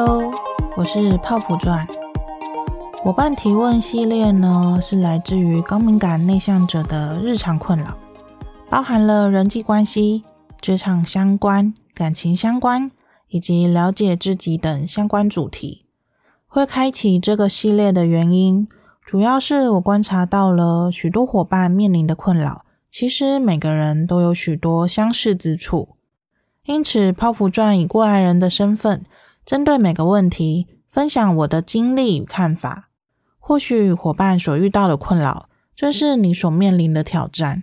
Hello，我是泡芙鑽。夥伴提問系列呢，是來自於高敏感內向者的日常困擾，包含了人際關係、職場相關、感情相關以及了解自己等相關主題。會開啟這個系列的原因，主要是我觀察到了許多夥伴面臨的困擾，其實每個人都有許多相似之處。因此，泡芙鑽以過來人的身份，針對每個問題，分享我的經歷與看法，或許夥伴所遇到的困擾，正是你所面臨的挑戰。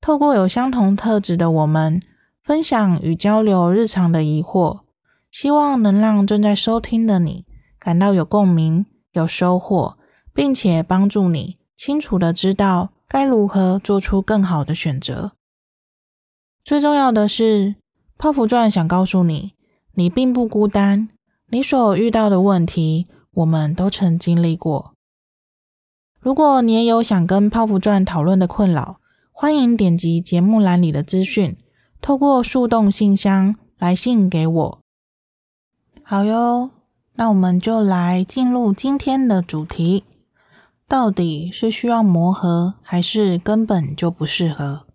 透過有相同特質的我們，分享與交流日常的疑惑，希望能讓正在收聽的你感到有共鳴、有收穫，並且幫助你清楚的知道該如何做出更好的選擇。最重要的是，泡芙鑽想告訴你。你並不孤單，你所遇到的問題，我們都曾經歷過。如果你也有想跟泡芙鑽討論的困擾，歡迎點擊節目欄裡的資訊，透過樹洞信箱來信給我。好喲，那我們就來進入今天的主題：到底是需要磨合，還是根本就不適合？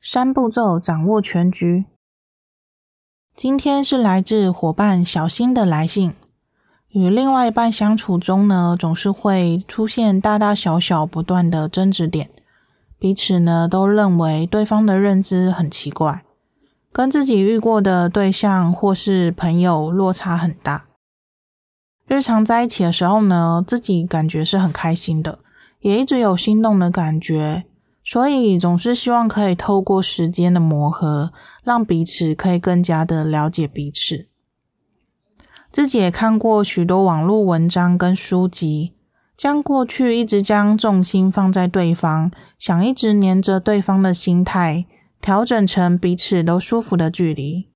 三步驟掌握全局。今天是來自夥伴曉欣的來信，與另外一半相處中呢，總是會出現大大小小不斷的爭執點，彼此呢都認為對方的認知很奇怪，跟自己遇過的對象或是朋友落差很大。日常在一起的時候呢，自己感覺是很開心的，也一直有心動的感覺。所以總是希望可以透過時間的磨合，讓彼此可以更加的了解彼此。自己也看過許多網絡文章跟書籍，將過去一直將重心放在對方，想一直黏着對方的心態，調整成彼此都舒服的距離。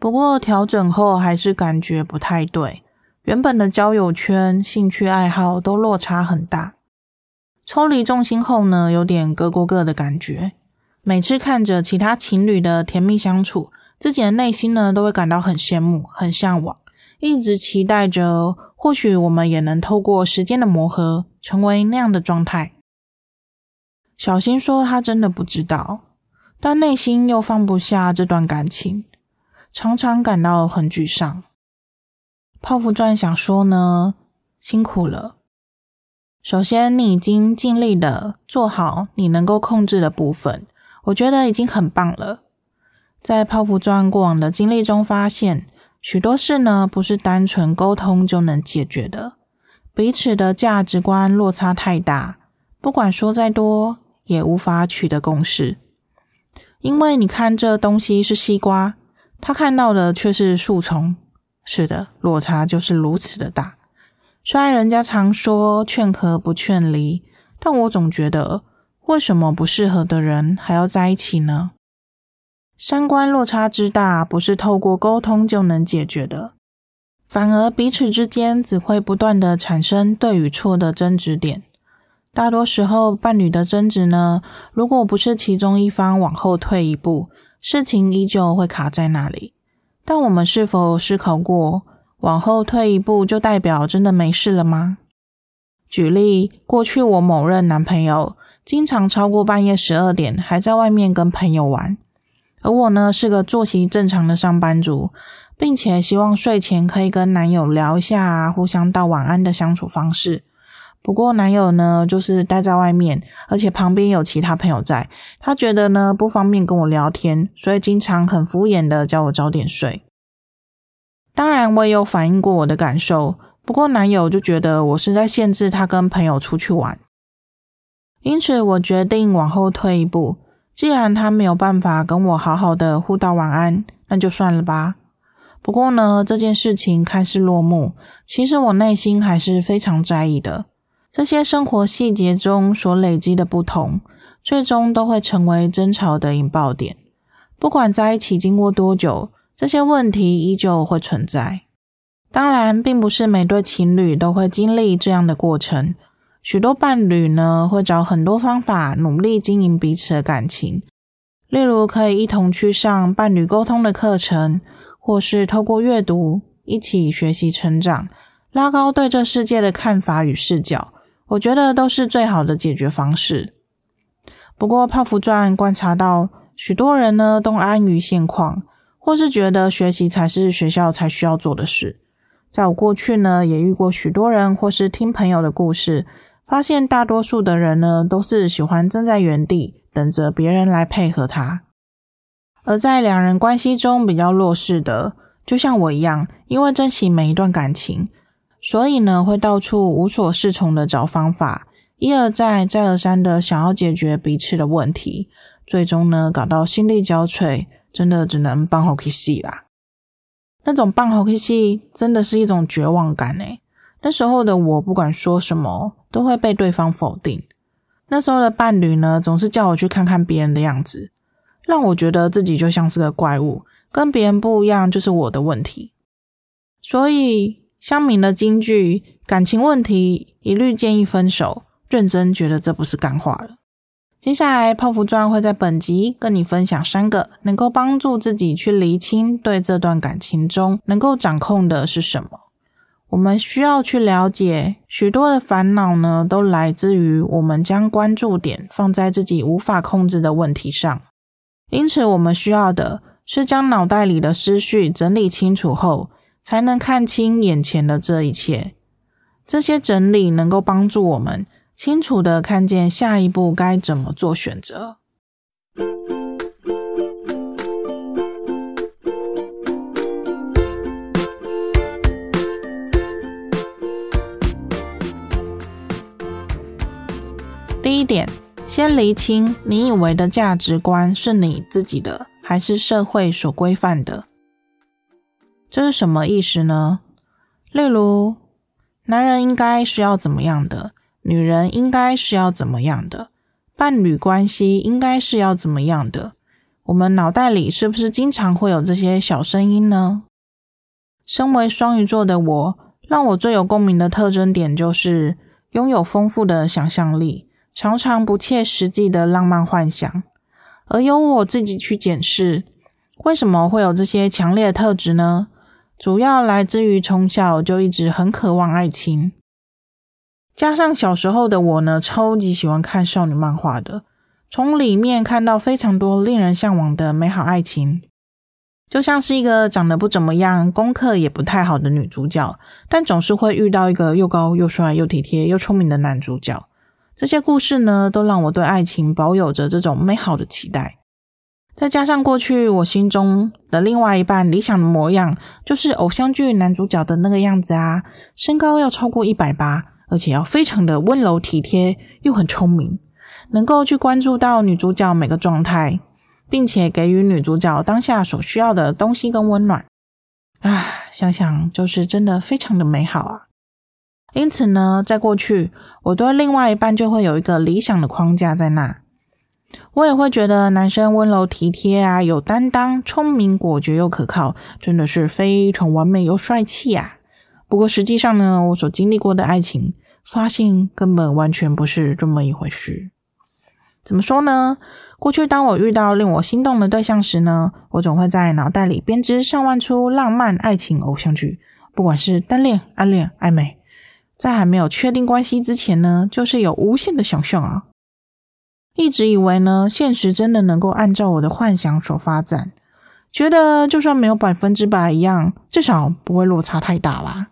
不過調整後還是感覺不太對，原本的交友圈、興趣愛好都落差很大。抽離重心後呢，有點各過各的感覺。每次看着其他情侶的甜蜜相處，自己的內心呢都會感到很羨慕、很向往，一直期待着，或許我們也能透過時間的磨合，成為那樣的狀態。曉欣說他真的不知道，但內心又放不下這段感情，常常感到很沮喪。泡芙鑽想說呢，辛苦了。首先，你已經盡力的做好你能夠控制的部分，我覺得已經很棒了。在泡芙鑽過往的經歷中，發現許多事呢，不是單純溝通就能解決的。彼此的價值觀落差太大，不管說再多，也無法取得共識。因為你看，這東西是西瓜，他看到的卻是樹叢。是的，落差就是如此的大。雖然人家常說勸和不勸離，但我總覺得，為什麼不適合的人還要在一起呢？三觀落差之大，不是透過溝通就能解決的，反而彼此之間只會不斷地產生對與錯的爭執點。大多時候，伴侶的爭執呢，如果不是其中一方往後退一步，事情依舊會卡在那裡。但我們是否思考過？往後退一步，就代表真的沒事了嗎？舉例，過去我某任男朋友經常超過半夜十二點還在外面跟朋友玩，而我呢是個作息正常的上班族，並且希望睡前可以跟男友聊一下啊，互相道晚安的相處方式。不過男友呢就是待在外面，而且旁邊有其他朋友在，他覺得呢不方便跟我聊天，所以經常很敷衍的叫我早點睡。當然，我也有反映過我的感受，不過男友就覺得我是在限制他跟朋友出去玩，因此我決定往後退一步。既然他沒有辦法跟我好好的互道晚安，那就算了吧。不過呢，這件事情看似落幕，其實我內心還是非常在意的。這些生活細節中所累積的不同，最終都會成為爭吵的引爆點。不管在一起經過多久。這些問題依舊會存在。當然，並不是每對情侶都會經歷這樣的過程。許多伴侶呢，會找很多方法努力經營彼此的感情，例如可以一同去上伴侶溝通的課程，或是透過閱讀一起學習成長，拉高對這世界的看法與視角。我覺得都是最好的解決方式。不過，泡芙鑽觀察到，許多人呢都安於現況。或是覺得學習才是學校才需要做的事。在我過去呢，也遇過許多人，或是聽朋友的故事，發現大多數的人呢，都是喜歡站在原地，等着別人來配合他。而在兩人關係中比較弱勢的，就像我一樣，因為珍惜每一段感情，所以呢，會到處無所適從的找方法，一而再，再而三的想要解決彼此的問題，最終呢，搞到心力交瘁。真的只能扮好 k 戲啦，那種扮好皮戲真的是一種絕望感呢。那時候的我，不管說什麼，都會被對方否定。那時候的伴侶呢，總是叫我去看看別人的樣子，讓我覺得自己就像是個怪物，跟別人不一樣就是我的問題。所以，鄉民的金句，感情問題一律建議分手，認真覺得這不是幹話了。接下來，泡芙鑽會在本集跟你分享三個能夠幫助自己去釐清對這段感情中能夠掌控的是什麼。我們需要去了解，許多的煩惱呢，都來自於我們將關注點放在自己無法控制的問題上。因此，我們需要的是將腦袋裡的思緒整理清楚後，才能看清眼前的這一切。這些整理能夠幫助我們。清楚的看見下一步該怎麼做選擇。第一點，先釐清你以為的價值觀是你自己的，還是社會所規範的？這是什麼意思呢？例如，男人應該是要怎麼樣的？女人應該是要怎麼樣的？伴侶關係應該是要怎麼樣的？我們腦袋裡是不是經常會有這些小聲音呢？身為雙魚座的我，讓我最有共鳴的特徵點就是擁有豐富的想象力，常常不切實際的浪漫幻想。而由我自己去檢視，為什麼會有這些強烈的特質呢？主要來自於從小就一直很渴望愛情。加上小時候的我呢，超級喜歡看少女漫畫的，從裡面看到非常多令人嚮往的美好愛情，就像是一個長得不怎麼樣、功課也不太好的女主角，但總是會遇到一個又高又帥又體貼又聰明的男主角。這些故事呢，都讓我對愛情保有着這種美好的期待。再加上過去我心中的另外一半理想的模樣，就是偶像劇男主角的那個樣子啊，身高要超過一百八。而且要非常的溫柔體貼，又很聰明，能夠去關注到女主角每個狀態，並且給予女主角當下所需要的東西跟溫暖。啊，想想就是真的非常的美好啊！因此呢，在過去我對另外一半就會有一個理想的框架在那，我也會覺得男生溫柔體貼啊，有擔當、聰明果決又可靠，真的是非常完美又帥氣呀，啊！不過實際上呢，我所經歷過的愛情，發現根本完全不是這麼一回事。怎麼說呢？過去當我遇到令我心動的對象時呢，我總會在腦袋裡編織上萬出浪漫愛情偶像劇，不管是單戀、暗戀、曖昧，在還沒有確定關係之前呢，就是有無限的想象啊。一直以為呢，現實真的能夠按照我的幻想所發展，覺得就算沒有百分之百一樣，至少不會落差太大吧。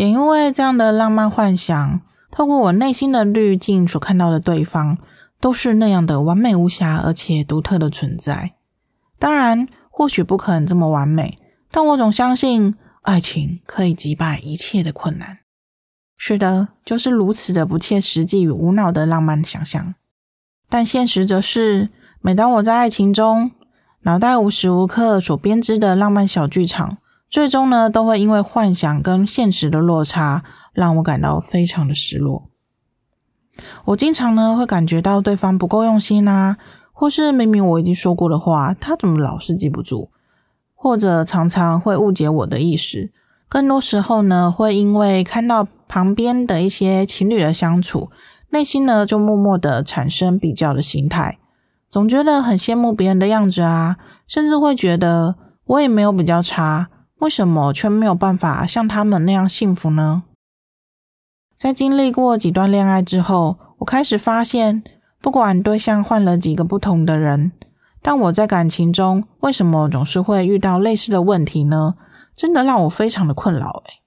也因為這樣的浪漫幻想，透過我內心的濾鏡所看到的對方，都是那樣的完美無瑕，而且獨特的存在。當然，或許不可能這麼完美，但我總相信愛情可以擊敗一切的困難。是的，就是如此的不切實際與無腦的浪漫想象。但現實則是，每當我在愛情中，腦袋無時無刻所編織的浪漫小劇場。最終呢，都會因為幻想跟現實的落差，讓我感到非常的失落。我經常呢會感覺到對方不夠用心啦、啊，或是明明我已經說過的話，他怎麼老是記不住，或者常常會誤解我的意思。更多時候呢，會因為看到旁邊的一些情侶的相處，內心呢就默默的產生比較的心態，總覺得很羨慕別人的樣子啊，甚至會覺得我也沒有比較差。為什麼卻沒有辦法像他們那樣幸福呢？在經歷過幾段戀愛之後，我開始發現，不管對象換了幾個不同的人，但我在感情中為什麼總是會遇到類似的問題呢？真的讓我非常的困擾欸。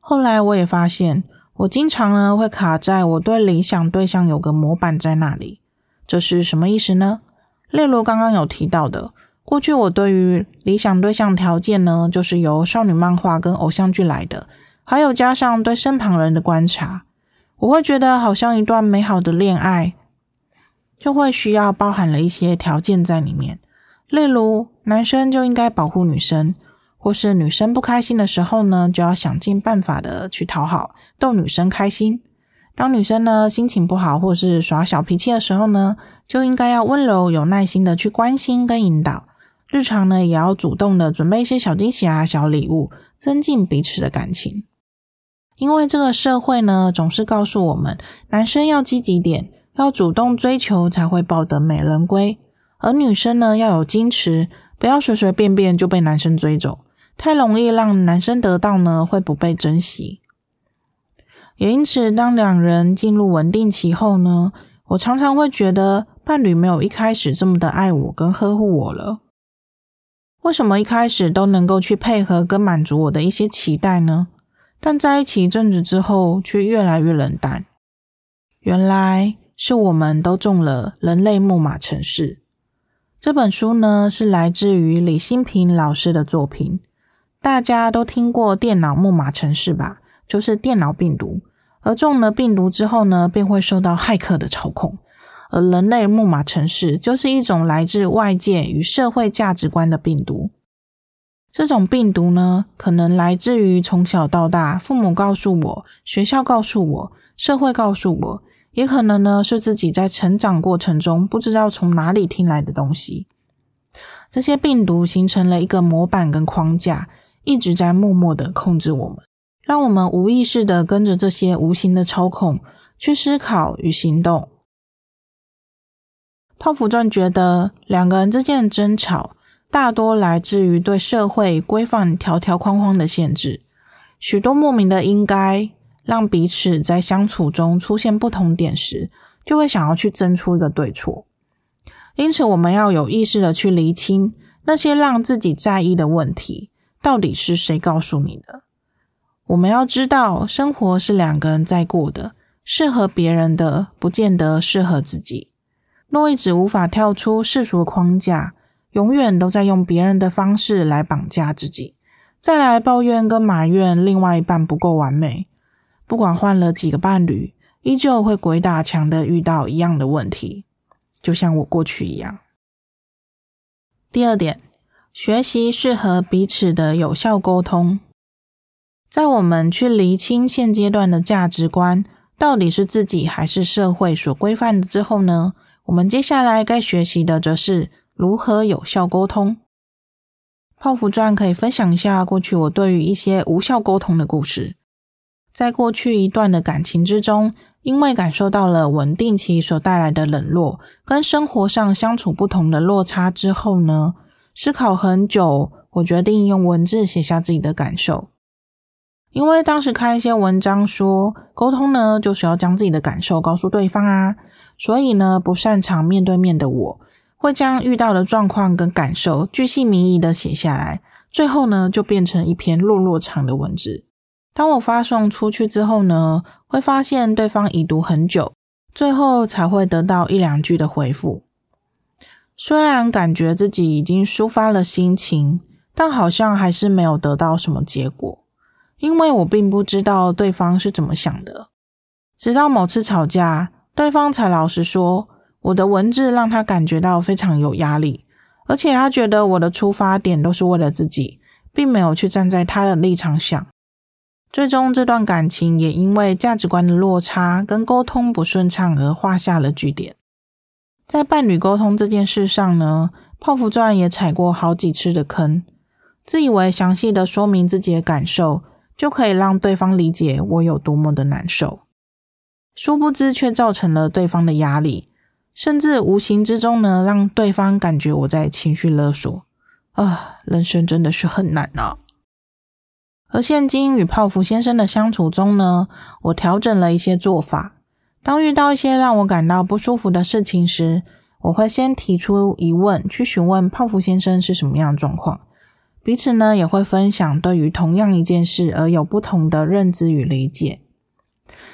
後來我也發現，我經常呢會卡在我對理想對象有個模板在那裡，這是什麼意思呢？例如剛剛有提到的。過去我對於理想對象條件呢，就是由少女漫畫跟偶像劇來的，還有加上對身旁人的觀察，我會覺得好像一段美好的戀愛，就會需要包含了一些條件在裡面，例如男生就應該保護女生，或是女生不開心的時候呢，就要想盡辦法的去討好，逗女生開心。當女生呢心情不好或是耍小脾氣的時候呢，就應該要溫柔有耐心的去關心跟引導。日常呢，也要主動的準備一些小驚喜啊、小禮物，增進彼此的感情。因為這個社會呢，總是告訴我們，男生要積極點，要主動追求才會抱得美人歸；而女生呢，要有矜持，不要隨隨便便就被男生追走，太容易讓男生得到呢，會不被珍惜。也因此，當兩人進入穩定期後呢，我常常會覺得伴侶沒有一開始這麼的愛我跟呵護我了。為什麼一開始都能夠去配合跟滿足我的一些期待呢？但在一起一陣子之後，卻越來越冷淡。原來是我們都中了人類木馬程式。這本書呢，是來自於李欣頻老師的作品。大家都聽過電腦木馬程式吧？就是電腦病毒，而中了病毒之後呢，便會受到駭客的操控。而人類木馬程式就是一種來自外界與社會價值觀的病毒。這種病毒呢，可能來自於從小到大，父母告訴我，學校告訴我，社會告訴我，也可能呢，是自己在成長過程中不知道從哪裡聽來的東西。這些病毒形成了一個模板跟框架，一直在默默地控制我們，讓我們無意識地跟着這些無形的操控去思考與行動。泡芙鑽覺得，兩個人之間的爭吵大多來自於對社會規範條條框框的限制，許多莫名的應該，讓彼此在相處中出現不同點時，就會想要去爭出一個對錯。因此，我們要有意識的去釐清那些讓自己在意的問題，到底是誰告訴你的？我們要知道，生活是兩個人在過的，適合別人的，不見得適合自己。若一直無法跳出世俗框架，永遠都在用別人的方式來綁架自己，再來抱怨跟埋怨另外一半不夠完美。不管換了幾個伴侶，依舊會鬼打牆的遇到一樣的問題，就像我過去一樣。第二點，學習適合彼此的有效溝通。在我們去釐清現階段的價值觀到底是自己還是社會所規範的之後呢？我們接下來該學習的則是如何有效溝通。泡芙鑽可以分享一下過去我對於一些無效溝通的故事。在過去一段的感情之中，因為感受到了穩定期所帶來的冷落，跟生活上相處不同的落差之後呢，思考很久，我決定用文字寫下自己的感受。因為當時看一些文章說，溝通呢，就是要將自己的感受告訴對方啊，所以呢，不擅長面對面的我，會將遇到的狀況跟感受鉅細靡遺的寫下來，最後呢就變成一篇落落長的文字。當我發送出去之後呢，會發現對方已讀很久，最後才會得到一兩句的回覆。雖然感覺自己已經抒發了心情，但好像還是沒有得到什麼結果。因為我並不知道對方是怎麼想的，直到某次吵架，對方才老實說，我的文字讓他感覺到非常有壓力，而且他覺得我的出發點都是為了自己，並沒有去站在他的立場想。最終，這段感情也因為價值觀的落差跟溝通不順暢而畫下了句點。在伴侶溝通這件事上呢，泡芙鑽也踩過好幾次的坑，自以為詳細的說明自己的感受。就可以讓對方理解我有多麼的難受，殊不知卻造成了對方的壓力，甚至無形之中呢，讓對方感覺我在情緒勒索。啊，人生真的是很難啊。而現今與泡芙先生的相處中呢，我調整了一些做法。當遇到一些讓我感到不舒服的事情時，我會先提出疑問，去詢問泡芙先生是什麼樣的狀況。彼此呢也會分享對於同樣一件事而有不同的認知與理解，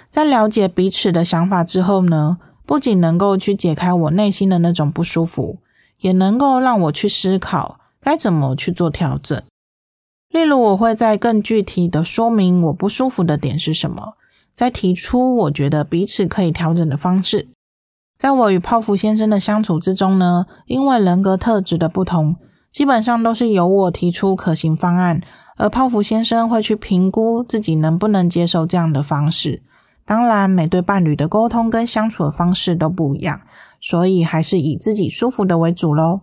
在了解彼此的想法之後呢，不僅能夠去解開我內心的那種不舒服，也能夠讓我去思考該怎麼去做調整。例如，我會再更具體的說明我不舒服的點是什麼，再提出我覺得彼此可以調整的方式。在我與泡芙先生的相處之中呢，因為人格特質的不同。基本上都是由我提出可行方案，而泡芙先生會去評估自己能不能接受這樣的方式。當然，每對伴侶的溝通跟相處的方式都不一樣，所以還是以自己舒服的為主咯。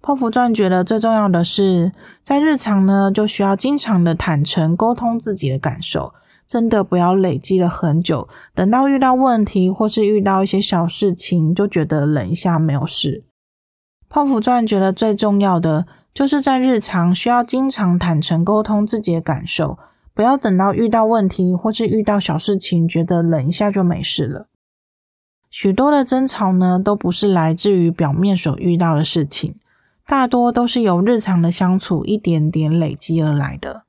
泡芙鑽覺得最重要的是，在日常呢就需要經常的坦誠溝通自己的感受，真的不要累積了很久，等到遇到問題或是遇到一些小事情，就覺得忍一下沒有事。泡芙鑽覺得最重要的，就是在日常需要經常坦誠溝通自己的感受，不要等到遇到問題或是遇到小事情，覺得忍一下就沒事了。許多的爭吵呢，都不是來自於表面所遇到的事情，大多都是由日常的相處一點點累積而來的。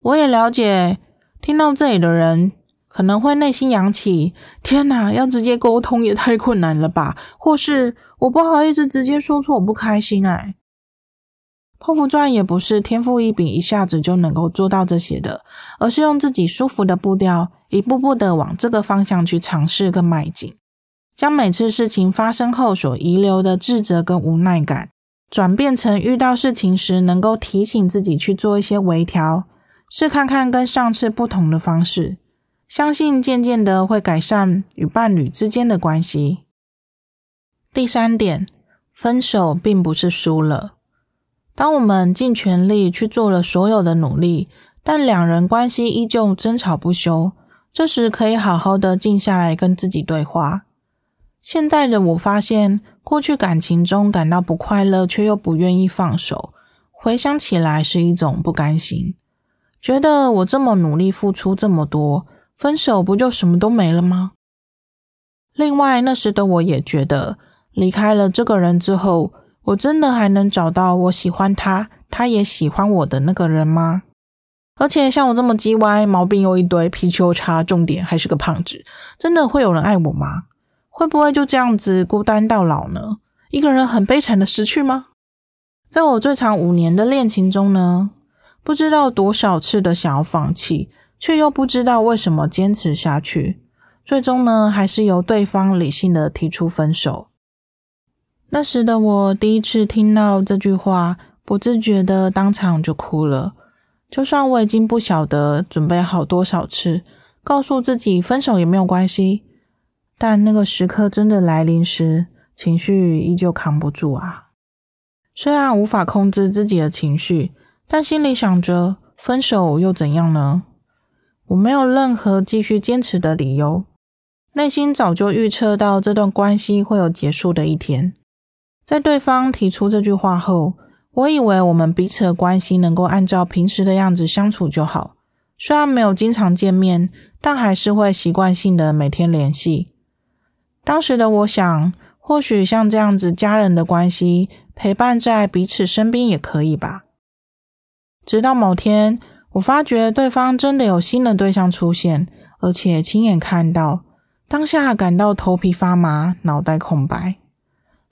我也了解，聽到這裡的人，可能會內心揚起，天哪，要直接溝通也太困難了吧？或是我不好意思直接說出我不開心、啊？哎，泡芙鑽也不是天賦異稟，一下子就能夠做到這些的，而是用自己舒服的步調，一步步的往這個方向去嘗試跟邁進，將每次事情發生後所遺留的自責跟無奈感，轉變成遇到事情時能夠提醒自己去做一些微調，試看看跟上次不同的方式。相信漸漸的會改善與伴侶之間的關係。第三點，分手並不是輸了。當我們盡全力去做了所有的努力，但兩人關係依舊爭吵不休，這時可以好好的靜下來跟自己對話。現在的我發現過去感情中感到不快樂，卻又不願意放手，回想起來是一種不甘心，覺得我這麼努力付出這麼多。分手不就什麼都沒了嗎？另外，那時的我也覺得，離開了這個人之後，我真的還能找到我喜歡他，他也喜歡我的那個人嗎？而且，像我這麼雞歪毛病又一堆，皮球差，重點還是個胖子，真的會有人愛我嗎？會不會就這樣子孤單到老呢？一個人很悲慘的失去嗎？在我最長五年的戀情中呢，不知道多少次的想要放棄。卻又不知道為什麼堅持下去，最終呢，還是由對方理性地提出分手。那時的我第一次聽到這句話，不自覺的當場就哭了。就算我已經不曉得準備好多少次，告訴自己分手也沒有關係，但那個時刻真的來臨時，情緒依舊扛不住啊。雖然無法控制自己的情緒，但心裡想着分手又怎樣呢？我沒有任何繼續堅持的理由，內心早就預測到這段關係會有結束的一天。在對方提出這句話後，我以為我們彼此的關係能夠按照平時的樣子相處就好，雖然沒有經常見面，但還是會習慣性的每天聯繫。當時的我想，或許像這樣子家人的關係，陪伴在彼此身邊也可以吧。直到某天，我發覺對方真的有新的對象出現，而且親眼看到，當下感到頭皮發麻、腦袋空白。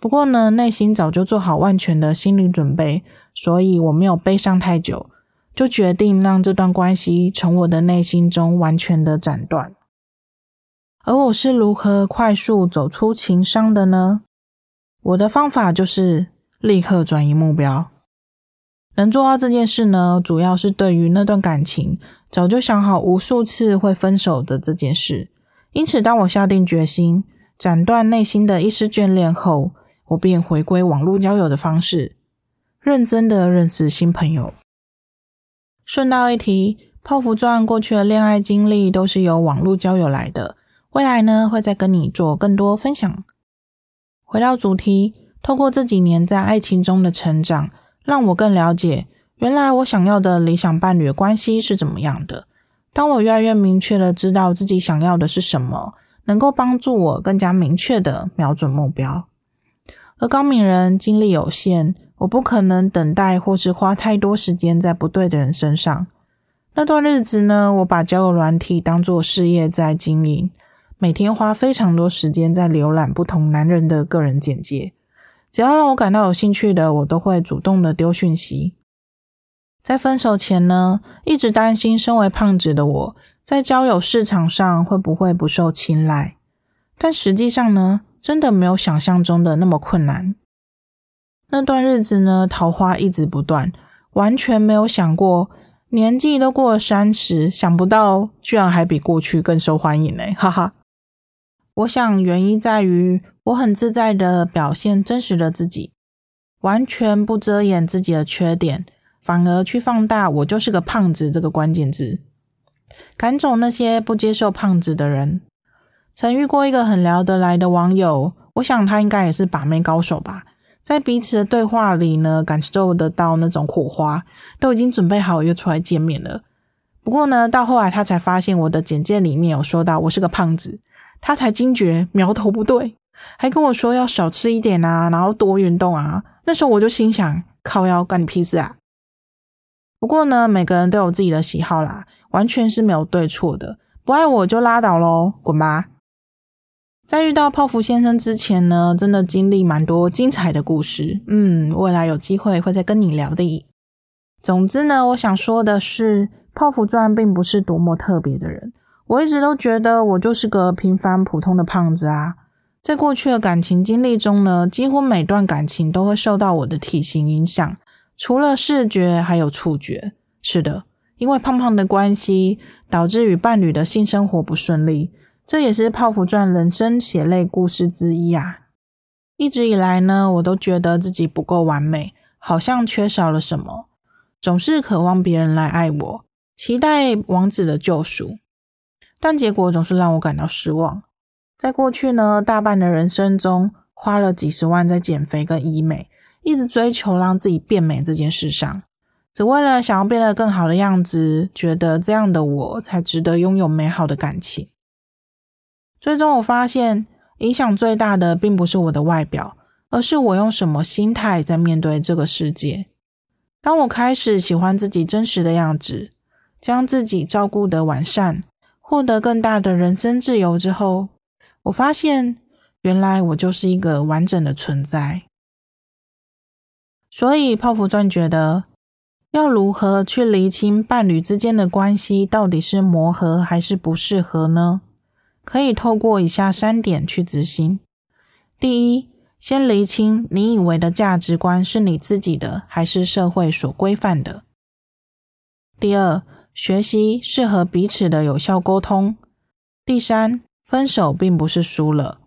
不過呢，內心早就做好萬全的心理準備，所以我沒有悲傷太久，就決定讓這段關係從我的內心中完全的斬斷。而我是如何快速走出情傷的呢？我的方法就是立刻轉移目標。能做到這件事呢，主要是對於那段感情早就想好無數次會分手的這件事。因此，當我下定決心斬斷內心的一絲眷戀後，我便回歸網絡交友的方式，認真的認識新朋友。順道一提，泡芙鑽過去的戀愛經歷都是由網絡交友來的，未來呢會再跟你做更多分享。回到主題，透過這幾年在愛情中的成長。讓我更了解，原來我想要的理想伴侶關係是怎麼樣的。當我越來越明確的知道自己想要的是什麼，能夠幫助我更加明確的瞄準目標。而高敏人精力有限，我不可能等待或是花太多時間在不對的人身上。那段日子呢，我把交友軟體當作事業在經營，每天花非常多時間在瀏覽不同男人的個人簡介。只要讓我感到有興趣的，我都會主動的丟訊息。在分手前呢，一直擔心身為胖子的我在交友市場上會不會不受青睞，但實際上呢，真的沒有想象中的那麼困難。那段日子呢，桃花一直不斷，完全沒有想過年紀都過了三十，想不到居然還比過去更受歡迎呢、欸。哈哈。我想原因在於。我很自在的表現真實的自己，完全不遮掩自己的缺點，反而去放大“我就是個胖子”這個關鍵字，趕走那些不接受胖子的人。曾遇過一個很聊得來的網友，我想他應該也是把妹高手吧，在彼此的對話裡呢，感受得到那種火花，都已經準備好約出來見面了。不過呢，到後來他才發現我的簡介裡面有說到我是個胖子，他才驚覺苗頭不對。還跟我說要少吃一點啊，然後多運動啊。那時候我就心想，靠腰干你屁事啊！不過呢，每個人都有自己的喜好啦，完全是沒有對錯的。不愛我就拉倒嘍，滾吧！在遇到泡芙先生之前呢，真的經歷蠻多精彩的故事。嗯，未來有機會會再跟你聊的。總之呢，我想說的是，泡芙鑽並不是多麼特別的人，我一直都覺得我就是個平凡普通的胖子啊。在過去的感情經歷中呢，幾乎每段感情都會受到我的體型影響，除了視覺，還有觸覺。是的，因為胖胖的關係，導致與伴侶的性生活不順利，這也是泡芙鑽人生血淚故事之一啊。一直以來呢，我都覺得自己不夠完美，好像缺少了什麼，總是渴望別人來愛我，期待王子的救贖，但結果總是讓我感到失望。在過去呢，大半的人生中，花了幾十萬在減肥跟醫美，一直追求讓自己變美這件事上，只為了想要變得更好的樣子，覺得這樣的我才值得擁有美好的感情。最終我發現，影響最大的並不是我的外表，而是我用什麼心態在面對這個世界。當我開始喜歡自己真實的樣子，將自己照顧得完善，獲得更大的人生自由之後。我發現，原來我就是一個完整的存在。所以，泡芙鑽覺得要如何去釐清伴侶之間的關係到底是磨合還是不適合呢？可以透過以下三點去執行：第一，先釐清你以為的價值觀是你自己的還是社會所規範的；第二，學習適合彼此的有效溝通；第三，分手並不是輸了。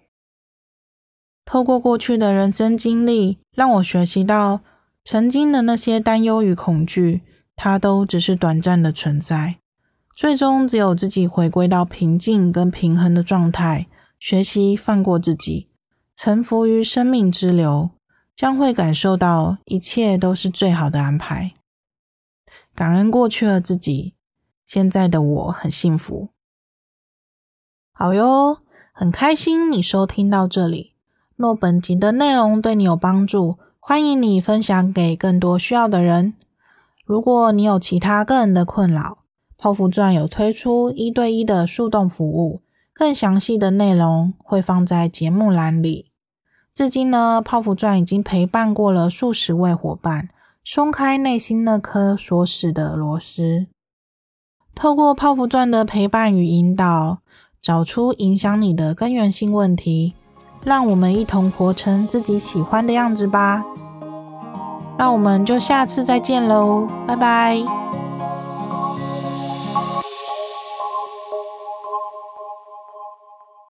透過過去的人生經歷，讓我學習到曾經的那些擔憂與恐懼，它都只是短暫的存在。最終，只有自己回歸到平靜跟平衡的狀態，學習放過自己，臣服於生命之流，將會感受到一切都是最好的安排。感恩過去的自己，現在的我很幸福。好喲，很開心你收聽到這裡。若本集的內容對你有幫助，歡迎你分享給更多需要的人。如果你有其他個人的困擾，泡芙鑽有推出一對一的樹洞服務，更詳細的內容會放在節目欄裡。至今呢，泡芙鑽已經陪伴過了數十位夥伴，鬆開內心那顆鎖死的螺絲。透過泡芙鑽的陪伴與引導。找出影響你的根源性問題，讓我們一同活成自己喜歡的樣子吧。那我們就下次再見嘍，拜拜。